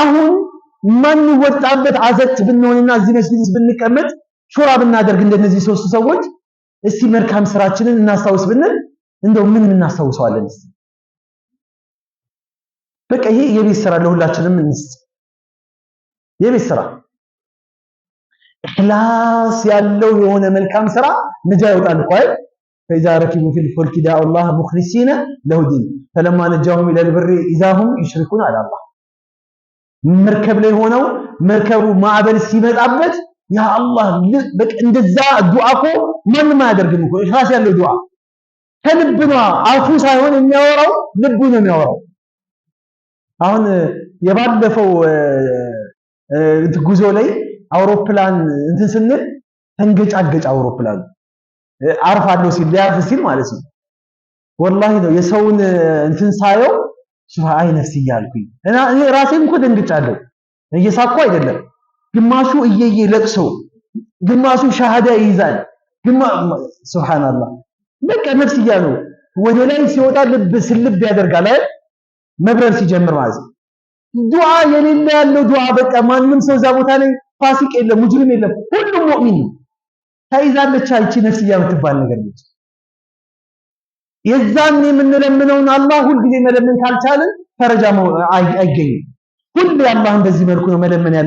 አሁን ማንወጣበት አዘት ብንሆንና እዚህ መስጊድ ብንቀመጥ ሹራ ብናደርግ እንደነዚህ ሶስቱ ሰዎች እስቲ መልካም ስራችንን እናስታውስ ብንል እንደው ምን እናስታውሰዋለን? እስቲ በቃ ይሄ የቤት ስራ ለሁላችንም እንስ የቤት ስራ ኢኽላስ ያለው የሆነ መልካም ስራ ነጃ ይወጣል እኮ አይደል? فإذا ركبوا في الفلك دعوا الله مخلصين له الدين فلما نجاهم إلى البر إذا هم يشركون على الله መርከብ ላይ ሆነው መርከቡ ማዕበል ሲመጣበት ያ አላህ በቃ እንደዛ ዱዓ እኮ ማንም አያደርግም እኮ ኢኽላስ ያለው ዱዓ ከልብ ነው። አፉ ሳይሆን የሚያወራው ልቡ ነው የሚያወራው። አሁን የባለፈው ጉዞ ላይ አውሮፕላን እንትን ስንል ተንገጫገጭ አውሮፕላን አርፋለሁ ሲል ሊያርፍ ሲል ማለት ነው። ወላሂ ነው የሰውን እንትን ሳየው ሱብሃይ ነፍስ እያልኩኝ እኔ ራሴም እኮ ደንግጫለሁ። እየሳኩ አይደለም። ግማሹ እየየ ለቅሶ፣ ግማሹ ሻሃዳ ይይዛል። ግማ ሱብሃንአላህ በቃ ነፍስያ ነው። ወደ ላይ ሲወጣ ልብ ስልብ ያደርጋል አይደል? መብረር ሲጀምር ማለት ነው። ዱዓ የሌለ ያለው ዱዓ በቃ ማንም ሰው እዛ ቦታ ላይ ፋሲቅ የለም፣ ሙጅሪም የለም፣ ሁሉም ሙእሚን ነው። ተይዛለች አይቺ ነፍስያ የምትባል ነገር ነች። የዛን የምንለምነውን አላህ ሁልጊዜ መለመን ካልቻልን ፈረጃ አይገኝም። ሁሌ አላህን በዚህ መልኩ ነው መለመን ያለ